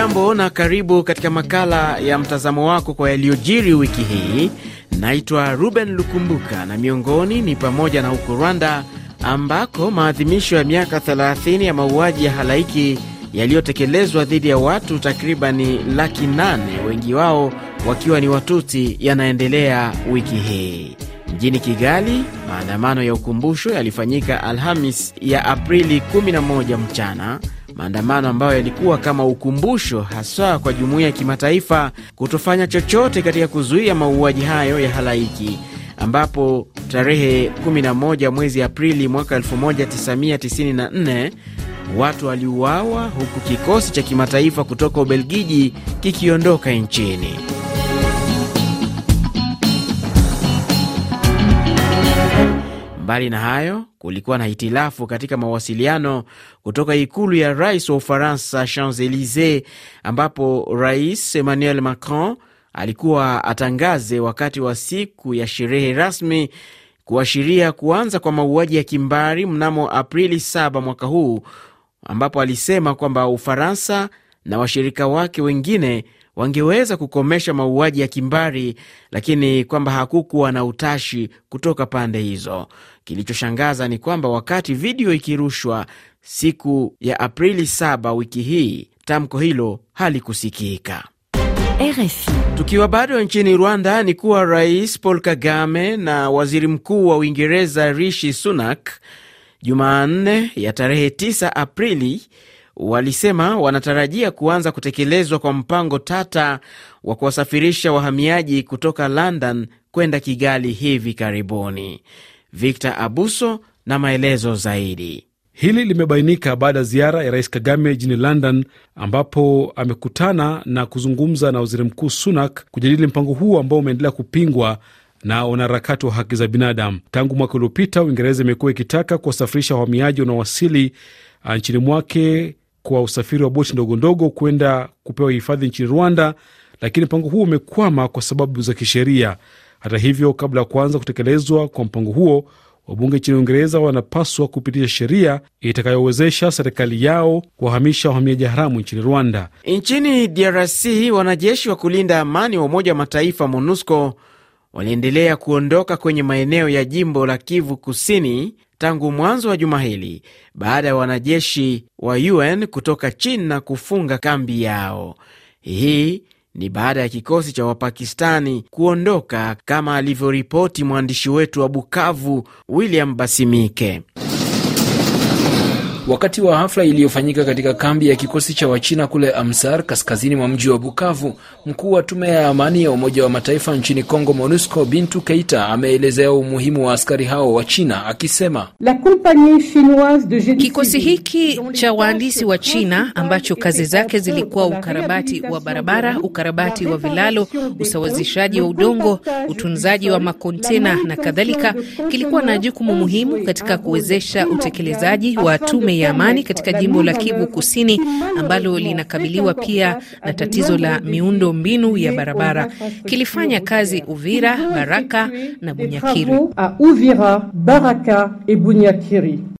Ujambo na karibu katika makala ya mtazamo wako kwa yaliyojiri wiki hii. Naitwa Ruben Lukumbuka na miongoni ni pamoja na huko Rwanda ambako maadhimisho ya miaka 30 ya mauaji ya halaiki yaliyotekelezwa dhidi ya watu takribani laki nane, wengi wao wakiwa ni Watuti, yanaendelea wiki hii. Mjini Kigali, maandamano ya ukumbusho yalifanyika Alhamis ya Aprili 11 mchana maandamano ambayo yalikuwa kama ukumbusho haswa kwa jumuiya ya kimataifa kutofanya chochote katika kuzuia mauaji hayo ya halaiki ambapo tarehe 11 mwezi Aprili mwaka 1994 watu waliuawa huku kikosi cha kimataifa kutoka Ubelgiji kikiondoka nchini. Mbali na hayo, kulikuwa na hitilafu katika mawasiliano kutoka ikulu ya rais wa Ufaransa, Champs Elysees, ambapo rais Emmanuel Macron alikuwa atangaze wakati wa siku ya sherehe rasmi kuashiria kuanza kwa mauaji ya kimbari mnamo Aprili 7 mwaka huu, ambapo alisema kwamba Ufaransa na washirika wake wengine wangeweza kukomesha mauaji ya kimbari, lakini kwamba hakukuwa na utashi kutoka pande hizo. Kilichoshangaza ni kwamba wakati video ikirushwa siku ya Aprili 7 wiki hii, tamko hilo halikusikika. Tukiwa bado nchini Rwanda ni kuwa Rais Paul Kagame na Waziri Mkuu wa Uingereza Rishi Sunak Jumanne ya tarehe 9 Aprili walisema wanatarajia kuanza kutekelezwa kwa mpango tata wa kuwasafirisha wahamiaji kutoka London kwenda Kigali hivi karibuni. Victor Abuso na maelezo zaidi. Hili limebainika baada ya ziara ya Rais Kagame jijini London, ambapo amekutana na kuzungumza na Waziri Mkuu Sunak kujadili mpango huo ambao umeendelea kupingwa na wanaharakati wa haki za binadamu. Tangu mwaka uliopita, Uingereza imekuwa ikitaka kuwasafirisha wahamiaji wanaowasili uh, nchini mwake kwa usafiri wa boti ndogondogo kwenda kupewa hifadhi nchini Rwanda, lakini mpango huo umekwama kwa sababu za kisheria. Hata hivyo, kabla ya kuanza kutekelezwa kwa mpango huo, wabunge nchini Uingereza wanapaswa kupitisha sheria itakayowezesha serikali yao kuwahamisha wahamiaji haramu nchini Rwanda. Nchini DRC, wanajeshi wa kulinda amani wa Umoja wa Mataifa MONUSCO waliendelea kuondoka kwenye maeneo ya jimbo la Kivu Kusini tangu mwanzo wa juma hili baada ya wanajeshi wa UN kutoka China kufunga kambi yao. Hii ni baada ya kikosi cha Wapakistani kuondoka, kama alivyoripoti mwandishi wetu wa Bukavu William Basimike. Wakati wa hafla iliyofanyika katika kambi ya kikosi cha Wachina kule Amsar, kaskazini mwa mji wa Bukavu, mkuu wa tume ya amani ya Umoja wa Mataifa nchini Kongo, MONUSCO, Bintu Keita, ameelezea umuhimu wa askari hao wa China akisema kikosi hiki cha wahandisi wa China ambacho kazi zake zilikuwa ukarabati wa barabara, ukarabati wa vilalo, usawazishaji wa udongo, utunzaji wa makontena na kadhalika, kilikuwa na jukumu muhimu katika kuwezesha utekelezaji wa tume ya amani katika jimbo la Kivu Kusini ambalo linakabiliwa pia na tatizo la miundo mbinu ya barabara. Kilifanya kazi Uvira, Baraka na Bunyakiri.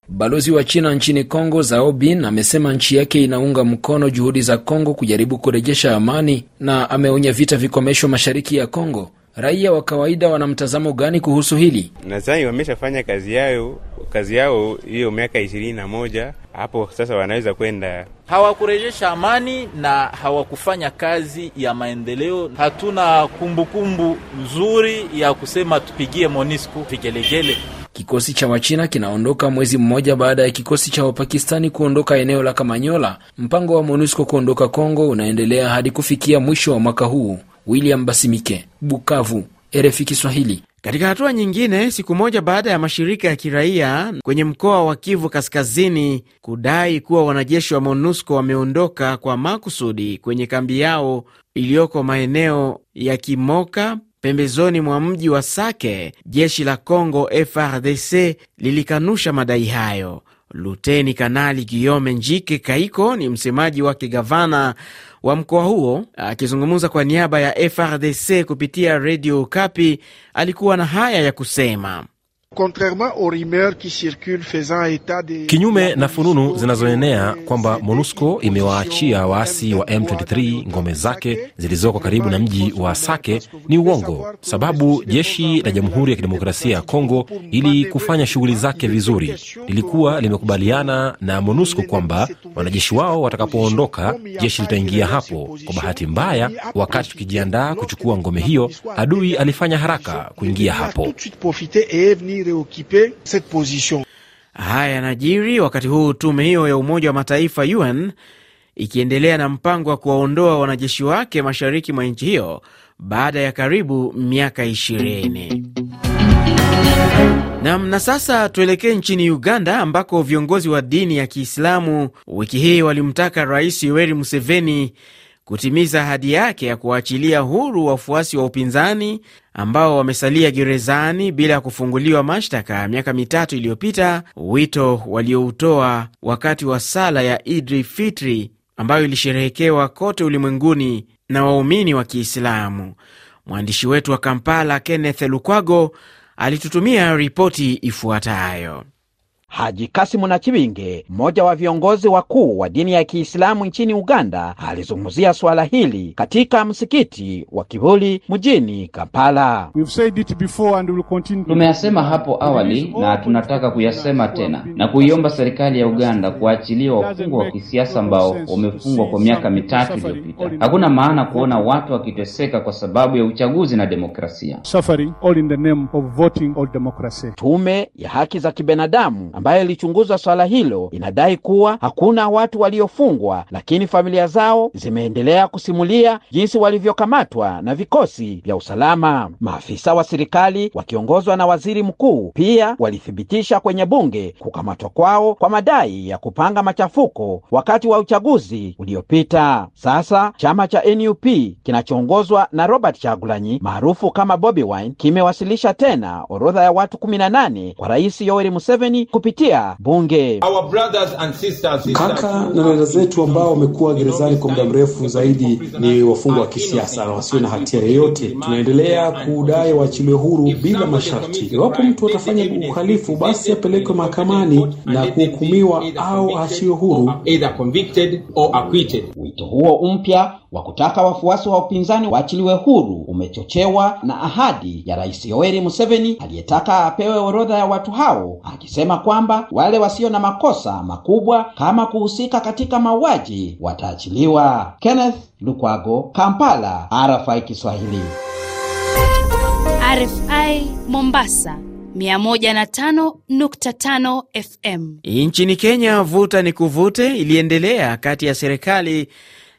Balozi wa China nchini Kongo zaobin amesema nchi yake inaunga mkono juhudi za Kongo kujaribu kurejesha amani na ameonya vita vikomeshwa mashariki ya Kongo. Raia wa kawaida wana mtazamo gani kuhusu hili? Nadhani wameshafanya kazi yao, kazi yao hiyo miaka ishirini na moja hapo sasa wanaweza kwenda. Hawakurejesha amani na hawakufanya kazi ya maendeleo. Hatuna kumbukumbu nzuri ya kusema tupigie Monisco vigelegele. Kikosi cha Wachina kinaondoka mwezi mmoja baada ya kikosi cha Wapakistani kuondoka eneo la Kamanyola. Mpango wa Monusco kuondoka Kongo unaendelea hadi kufikia mwisho wa mwaka huu. William Basimike, Bukavu, RFI Kiswahili. Katika hatua nyingine, siku moja baada ya mashirika ya kiraia kwenye mkoa wa Kivu Kaskazini kudai kuwa wanajeshi wa MONUSCO wameondoka kwa makusudi kwenye kambi yao iliyoko maeneo ya Kimoka pembezoni mwa mji wa Sake, jeshi la Congo FRDC lilikanusha madai hayo. Luteni Kanali Giome Njike Kaiko ni msemaji wake gavana wa mkoa huo. Akizungumza kwa niaba ya FRDC kupitia redio Kapi, alikuwa na haya ya kusema. Kinyume na fununu zinazoenea kwamba MONUSCO imewaachia waasi wa M23 ngome zake zilizoko karibu na mji wa Sake ni uongo, sababu jeshi la Jamhuri ya Kidemokrasia ya Kongo, ili kufanya shughuli zake vizuri, lilikuwa limekubaliana na MONUSCO kwamba wanajeshi wao watakapoondoka, jeshi litaingia hapo. Kwa bahati mbaya, wakati tukijiandaa kuchukua ngome hiyo, adui alifanya haraka kuingia hapo aussi cette position. Haya yanajiri wakati huu tume hiyo ya Umoja wa Mataifa UN ikiendelea na mpango wa kuwaondoa wanajeshi wake mashariki mwa nchi hiyo baada ya karibu miaka ishirini. Nam, na sasa tuelekee nchini Uganda ambako viongozi wa dini ya Kiislamu wiki hii walimtaka Rais Yoweri Museveni kutimiza ahadi yake ya kuwaachilia huru wafuasi wa upinzani ambao wamesalia gerezani bila ya kufunguliwa mashtaka miaka mitatu iliyopita, wito walioutoa wakati wa sala ya Idri Fitri ambayo ilisherehekewa kote ulimwenguni na waumini wa Kiislamu. Mwandishi wetu wa Kampala Kenneth Lukwago alitutumia ripoti ifuatayo. Haji Kasimu na Chibinge, mmoja wa viongozi wakuu wa dini ya Kiislamu nchini Uganda, alizungumzia suala hili katika msikiti wa Kivuli mjini Kampala. Tumeyasema hapo awali na tunataka kuyasema tena na kuiomba serikali ya Uganda kuachilia wafungwa wa kisiasa ambao wamefungwa kwa miaka mitatu iliyopita. Hakuna maana kuona watu wakiteseka kwa sababu ya uchaguzi na demokrasia. Tume ya haki za kibinadamu ambayo ilichunguza swala hilo inadai kuwa hakuna watu waliofungwa, lakini familia zao zimeendelea kusimulia jinsi walivyokamatwa na vikosi vya usalama. Maafisa wa serikali wakiongozwa na waziri mkuu pia walithibitisha kwenye bunge kukamatwa kwao kwa madai ya kupanga machafuko wakati wa uchaguzi uliopita. Sasa chama cha NUP kinachoongozwa na Robert Chagulanyi maarufu kama Bobi Wine kimewasilisha tena orodha ya watu 18 kwa Rais Yoweri Museveni kupitia bunge. Kaka na dada zetu ambao wamekuwa gerezani kwa muda mrefu zaidi ni wafungwa wa kisiasa na wasio na hatia yoyote. Tunaendelea kudai waachiliwe huru bila masharti. Iwapo mtu atafanya uhalifu, basi apelekwe mahakamani na kuhukumiwa au aachiwe huru. Wito huo mpya wa kutaka wafuasi wa upinzani waachiliwe huru umechochewa na ahadi ya Rais Yoweri Museveni aliyetaka apewe orodha ya watu hao, akisema kwamba wale wasio na makosa makubwa kama kuhusika katika mauaji wataachiliwa. Kenneth Lukwago, Kampala, RFI Kiswahili. RFI Mombasa 105.5 FM. Nchini Kenya, vuta ni kuvute iliendelea kati ya serikali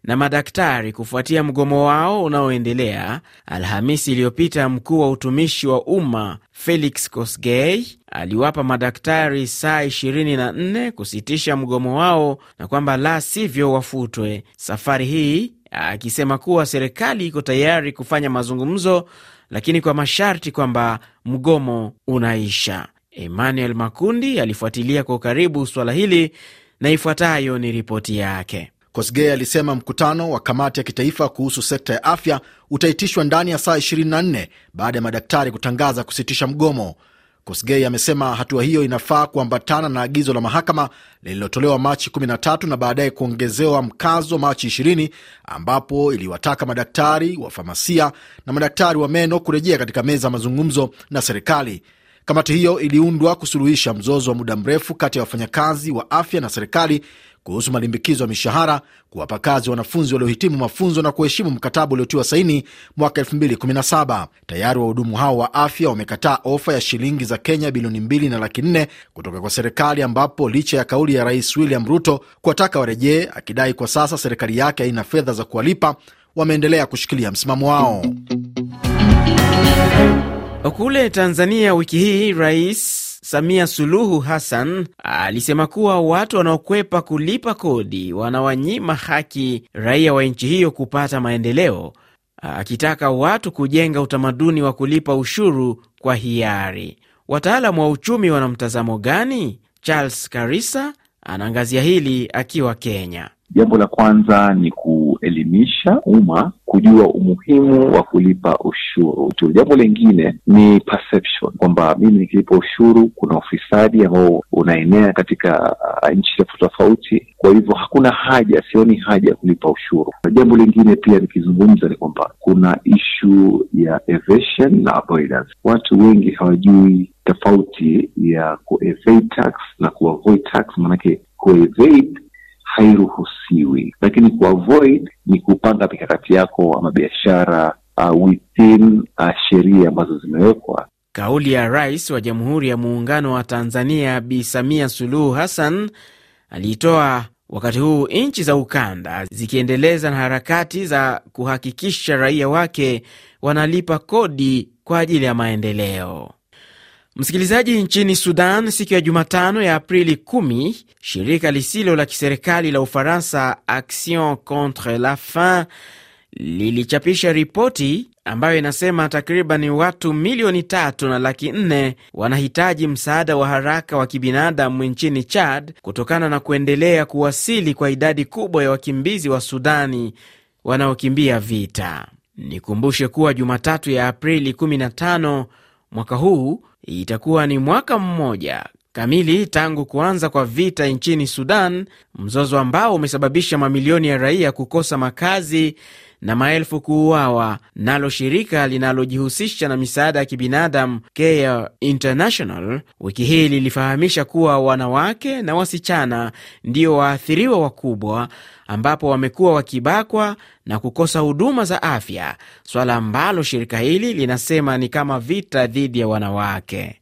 na madaktari kufuatia mgomo wao unaoendelea. Alhamisi iliyopita, mkuu wa utumishi wa umma Felix cosgey aliwapa madaktari saa 24 kusitisha mgomo wao na kwamba la sivyo wafutwe safari hii, akisema kuwa serikali iko tayari kufanya mazungumzo, lakini kwa masharti kwamba mgomo unaisha. Emmanuel Makundi alifuatilia kwa ukaribu suala hili na ifuatayo ni ripoti yake. Kosgey alisema mkutano wa kamati ya kitaifa kuhusu sekta ya afya utaitishwa ndani ya saa 24 baada ya madaktari kutangaza kusitisha mgomo. Kosgey amesema hatua hiyo inafaa kuambatana na agizo la mahakama lililotolewa Machi 13 na baadaye kuongezewa mkazo Machi 20, ambapo iliwataka madaktari wa famasia na madaktari wa meno kurejea katika meza ya mazungumzo na serikali. Kamati hiyo iliundwa kusuluhisha mzozo wa muda mrefu kati ya wafanyakazi wa afya na serikali kuhusu malimbikizo ya mishahara, kuwapa kazi wanafunzi waliohitimu mafunzo na kuheshimu mkataba uliotiwa saini mwaka 2017. Tayari wahudumu hao wa afya wamekataa ofa ya shilingi za Kenya bilioni mbili na laki nne kutoka kwa serikali, ambapo licha ya kauli ya Rais William Ruto kuwataka warejee, akidai kwa sasa serikali yake haina fedha za kuwalipa, wameendelea kushikilia msimamo wao. Kule Tanzania wiki hii rais Samia Suluhu Hassan alisema kuwa watu wanaokwepa kulipa kodi wanawanyima haki raia wa nchi hiyo kupata maendeleo, akitaka watu kujenga utamaduni wa kulipa ushuru kwa hiari. Wataalamu wa uchumi wana mtazamo gani? Charles Karisa anaangazia hili akiwa Kenya. Jambo la kwanza ni kuelimisha umma kujua umuhimu wa kulipa ushuru. Jambo lingine ni perception kwamba mimi nikilipa ushuru kuna ufisadi ambao unaenea katika uh, nchi tofauti tofauti. Kwa hivyo hakuna haja, sioni haja ya kulipa ushuru. Jambo lingine pia nikizungumza ni kwamba kuna ishu ya evasion na avoidance. Watu wengi hawajui tofauti ya ku tax na ku tax, maanake kuevade hairuhusiwi, lakini kuavoid ni kupanga mikakati yako ama biashara uh, within uh, sheria ambazo zimewekwa. Kauli ya Rais wa Jamhuri ya Muungano wa Tanzania Bi Samia Suluhu Hassan aliitoa wakati huu nchi za ukanda zikiendeleza na harakati za kuhakikisha raia wake wanalipa kodi kwa ajili ya maendeleo. Msikilizaji, nchini Sudan siku ya Jumatano ya Aprili 10, shirika lisilo la kiserikali la Ufaransa Action contre la faim lilichapisha ripoti ambayo inasema takriban watu milioni tatu na laki nne wanahitaji msaada wa haraka wa kibinadamu nchini Chad kutokana na kuendelea kuwasili kwa idadi kubwa ya wakimbizi wa Sudani wanaokimbia vita. Nikumbushe kuwa Jumatatu ya Aprili 15 mwaka huu itakuwa ni mwaka mmoja kamili tangu kuanza kwa vita nchini Sudan, mzozo ambao umesababisha mamilioni ya raia kukosa makazi na maelfu kuuawa. Nalo shirika linalojihusisha na misaada ya kibinadamu Care International wiki hii lilifahamisha kuwa wanawake na wasichana ndio waathiriwa wakubwa, ambapo wamekuwa wakibakwa na kukosa huduma za afya, swala ambalo shirika hili linasema ni kama vita dhidi ya wanawake.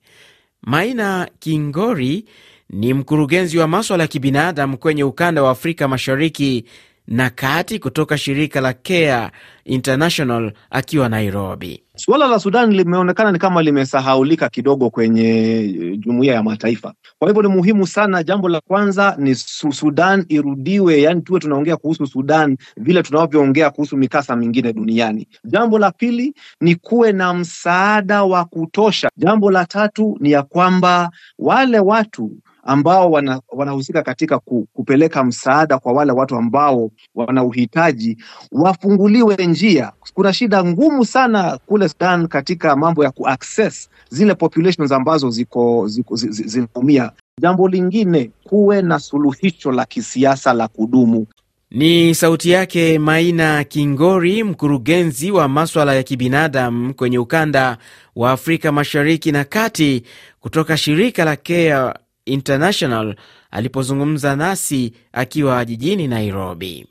Maina Kingori ni mkurugenzi wa maswala ya kibinadamu kwenye ukanda wa Afrika Mashariki na kati kutoka shirika la Care International akiwa Nairobi. Suala la Sudan limeonekana ni kama limesahaulika kidogo kwenye eh, jumuiya ya mataifa. Kwa hivyo ni muhimu sana, jambo la kwanza ni Sudan irudiwe, yani tuwe tunaongea kuhusu Sudan vile tunavyoongea kuhusu mikasa mingine duniani. Jambo la pili ni kuwe na msaada wa kutosha. Jambo la tatu ni ya kwamba wale watu ambao wana, wanahusika katika ku, kupeleka msaada kwa wale watu ambao wana uhitaji wafunguliwe njia. Kuna shida ngumu sana kule Sudan katika mambo ya kuaccess zile populations ambazo ziko zinaumia Jambo lingine kuwe na suluhisho la kisiasa la kudumu. Ni sauti yake Maina Kingori, mkurugenzi wa maswala ya kibinadamu kwenye ukanda wa Afrika Mashariki na Kati kutoka shirika la Care International alipozungumza nasi akiwa jijini Nairobi.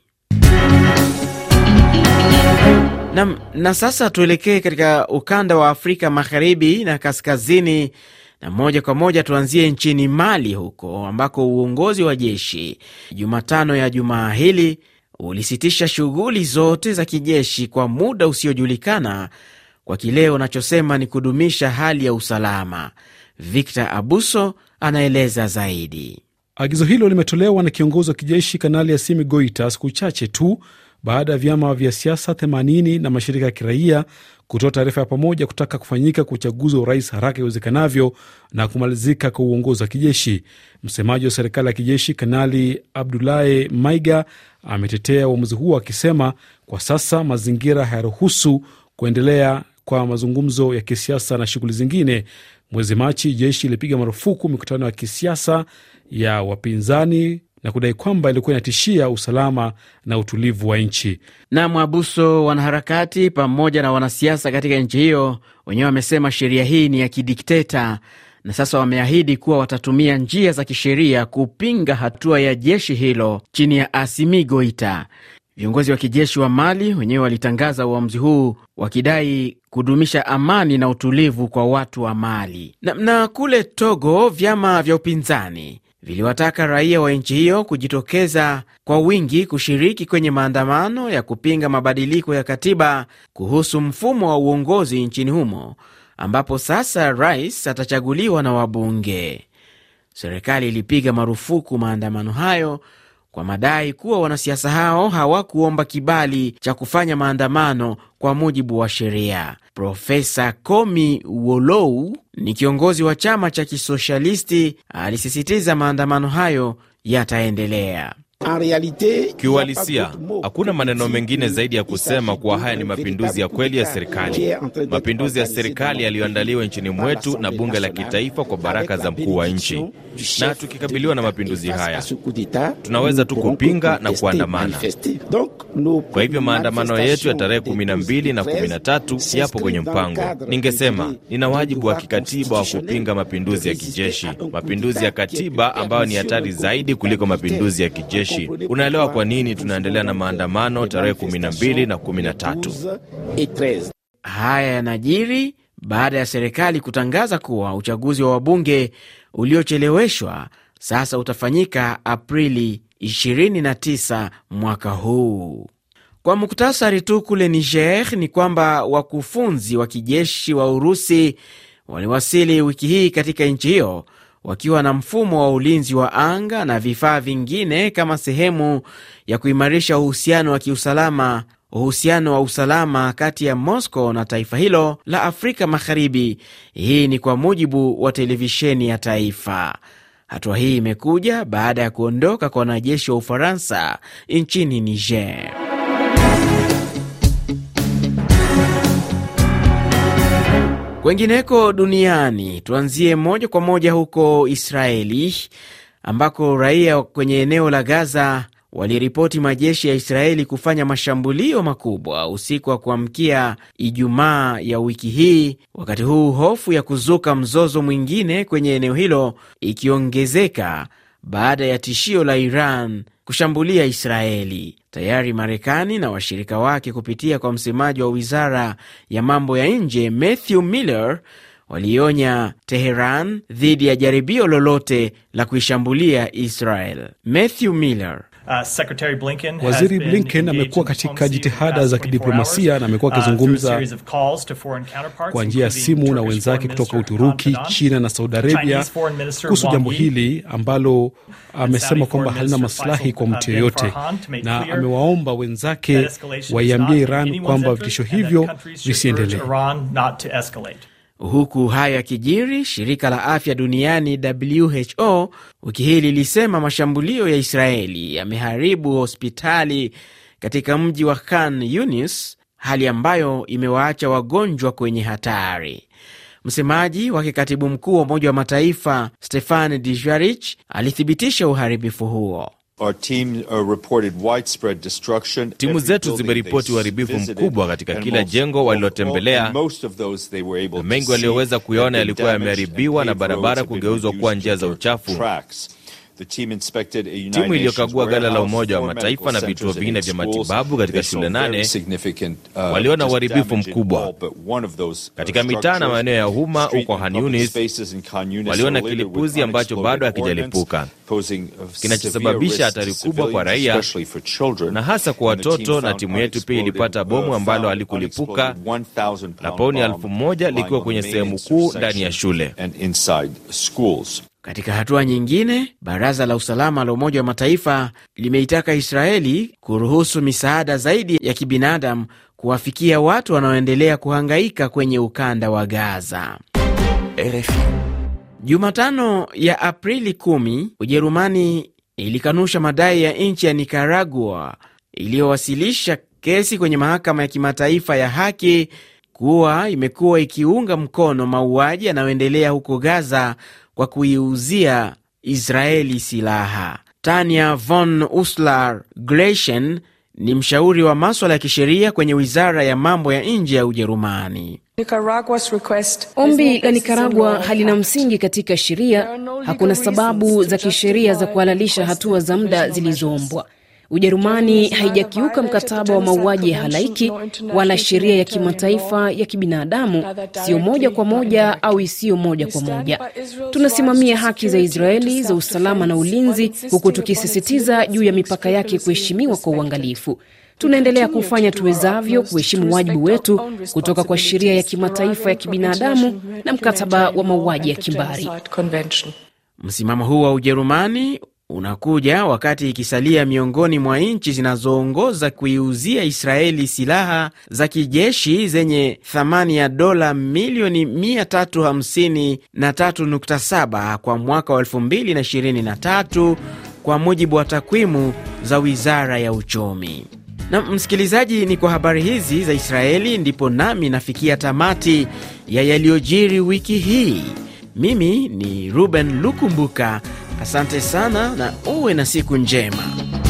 Na, na sasa tuelekee katika ukanda wa Afrika Magharibi na Kaskazini na moja kwa moja tuanzie nchini Mali huko ambako uongozi wa jeshi Jumatano ya jumaa hili ulisitisha shughuli zote za kijeshi kwa muda usiojulikana kwa kileo unachosema ni kudumisha hali ya usalama. Victor Abuso anaeleza zaidi. Agizo hilo limetolewa na kiongozi wa kijeshi Kanali Assimi Goita siku chache tu baada ya vyama vya siasa 80 na mashirika ya kiraia kutoa taarifa ya pamoja kutaka kufanyika kwa uchaguzi wa urais haraka iwezekanavyo na kumalizika kwa uongozi wa kijeshi. Msemaji wa serikali ya kijeshi Kanali Abdulahi Maiga ametetea uamuzi huo akisema, kwa sasa mazingira hayaruhusu kuendelea kwa mazungumzo ya kisiasa na shughuli zingine, Mwezi Machi, jeshi ilipiga marufuku mikutano ya kisiasa ya wapinzani na kudai kwamba ilikuwa inatishia usalama na utulivu wa nchi. nam abuso wanaharakati pamoja na wanasiasa katika nchi hiyo wenyewe wamesema sheria hii ni ya kidikteta, na sasa wameahidi kuwa watatumia njia za kisheria kupinga hatua ya jeshi hilo chini ya Asimi Goita. Viongozi wa kijeshi wa Mali wenyewe walitangaza uamuzi huu wakidai kudumisha amani na utulivu kwa watu wa Mali. Na, na kule Togo vyama vya upinzani viliwataka raia wa nchi hiyo kujitokeza kwa wingi kushiriki kwenye maandamano ya kupinga mabadiliko ya katiba kuhusu mfumo wa uongozi nchini humo ambapo sasa rais atachaguliwa na wabunge. Serikali ilipiga marufuku maandamano hayo kwa madai kuwa wanasiasa hao hawakuomba kibali cha kufanya maandamano kwa mujibu wa sheria. Profesa Komi Wolou ni kiongozi wa chama cha kisoshalisti, alisisitiza maandamano hayo yataendelea. Kiuhalisia, hakuna maneno mengine zaidi ya kusema kuwa haya ni mapinduzi ya kweli ya serikali, mapinduzi ya serikali yaliyoandaliwa nchini mwetu na bunge la kitaifa kwa baraka za mkuu wa nchi. Na tukikabiliwa na mapinduzi haya, tunaweza tu kupinga na kuandamana. Kwa hivyo maandamano yetu ya tarehe 12 na 13 yapo kwenye mpango. Ningesema nina wajibu wa kikatiba wa kupinga mapinduzi ya kijeshi, mapinduzi ya katiba ambayo ni hatari zaidi kuliko mapinduzi ya kijeshi jeshi. Unaelewa kwa nini tunaendelea na maandamano tarehe 12 na 13. Haya yanajiri baada ya serikali kutangaza kuwa uchaguzi wa wabunge uliocheleweshwa sasa utafanyika Aprili 29 mwaka huu. Kwa muktasari tu, kule Niger ni kwamba wakufunzi wa kijeshi wa Urusi waliwasili wiki hii katika nchi hiyo wakiwa na mfumo wa ulinzi wa anga na vifaa vingine kama sehemu ya kuimarisha uhusiano wa kiusalama uhusiano wa usalama kati ya Moscow na taifa hilo la Afrika Magharibi. Hii ni kwa mujibu wa televisheni ya taifa. Hatua hii imekuja baada ya kuondoka kwa wanajeshi wa Ufaransa nchini Niger. Kwengineko duniani, tuanzie moja kwa moja huko Israeli ambako raia kwenye eneo la Gaza waliripoti majeshi ya Israeli kufanya mashambulio makubwa usiku wa kuamkia Ijumaa ya wiki hii, wakati huu hofu ya kuzuka mzozo mwingine kwenye eneo hilo ikiongezeka baada ya tishio la Iran kushambulia Israeli. Tayari Marekani na washirika wake kupitia kwa msemaji wa wizara ya mambo ya nje Matthew Miller walionya Teheran dhidi ya jaribio lolote la kuishambulia Israel. Matthew Miller Uh, Secretary Blinken Waziri Blinken amekuwa katika jitihada za kidiplomasia na amekuwa uh, akizungumza kwa njia ya simu na wenzake kutoka Uturuki, China na Saudi Arabia kuhusu jambo hili ambalo amesema kwamba halina maslahi kwa mtu yoyote, na amewaomba wenzake waiambie Iran kwamba vitisho hivyo visiendelee. Huku haya yakijiri, shirika la afya duniani WHO wiki hii lilisema mashambulio ya Israeli yameharibu hospitali katika mji wa Khan Yunis, hali ambayo imewaacha wagonjwa kwenye hatari. Msemaji wake katibu mkuu wa Umoja wa Mataifa Stefan Dijarich alithibitisha uharibifu huo. Uh, Timu zetu zimeripoti uharibifu mkubwa katika kila jengo walilotembelea. Mengi walioweza kuyaona yalikuwa yameharibiwa na barabara kugeuzwa kuwa njia za uchafu. Timu iliyokagua gala la Umoja wa Mataifa na vituo vinne vya matibabu katika shule nane uh, waliona uharibifu mkubwa uh, katika mitaa na maeneo ya umma huko Han Waliona kilipuzi ambacho bado hakijalipuka kinachosababisha hatari kubwa kwa raia na hasa kwa watoto. Na timu yetu pia ilipata bomu ambalo halikulipuka na pauni 1 likiwa kwenye sehemu kuu ndani ya shule. Katika hatua nyingine, baraza la usalama la Umoja wa Mataifa limeitaka Israeli kuruhusu misaada zaidi ya kibinadamu kuwafikia watu wanaoendelea kuhangaika kwenye ukanda wa Gaza. RFI. Jumatano ya Aprili 10 Ujerumani ilikanusha madai ya nchi ya Nikaragua iliyowasilisha kesi kwenye mahakama ya kimataifa ya haki kuwa imekuwa ikiunga mkono mauaji yanayoendelea huko Gaza kwa kuiuzia Israeli silaha. tania von Uslar Greshen ni mshauri wa maswala ya kisheria kwenye wizara ya mambo ya nje ya Ujerumani. Ombi la Nikaragua halina msingi katika sheria. Hakuna sababu za kisheria za kuhalalisha hatua za muda zilizoombwa. Ujerumani haijakiuka mkataba wa mauaji ya halaiki wala sheria ya kimataifa ya kibinadamu, siyo moja kwa moja au isiyo moja kwa moja. Tunasimamia haki za Israeli za usalama na ulinzi, huku tukisisitiza juu ya mipaka yake kuheshimiwa kwa uangalifu. Tunaendelea kufanya tuwezavyo kuheshimu wajibu wetu kutoka kwa sheria ya kimataifa ya kibinadamu na mkataba wa mauaji ya kimbari. Msimamo huu wa Ujerumani unakuja wakati ikisalia miongoni mwa nchi zinazoongoza kuiuzia Israeli silaha za kijeshi zenye thamani ya dola milioni 353.7 kwa mwaka wa 2023 kwa mujibu wa takwimu za Wizara ya Uchumi. Na msikilizaji, ni kwa habari hizi za Israeli ndipo nami nafikia tamati ya yaliyojiri wiki hii. Mimi ni Ruben Lukumbuka Asante sana na uwe na siku njema.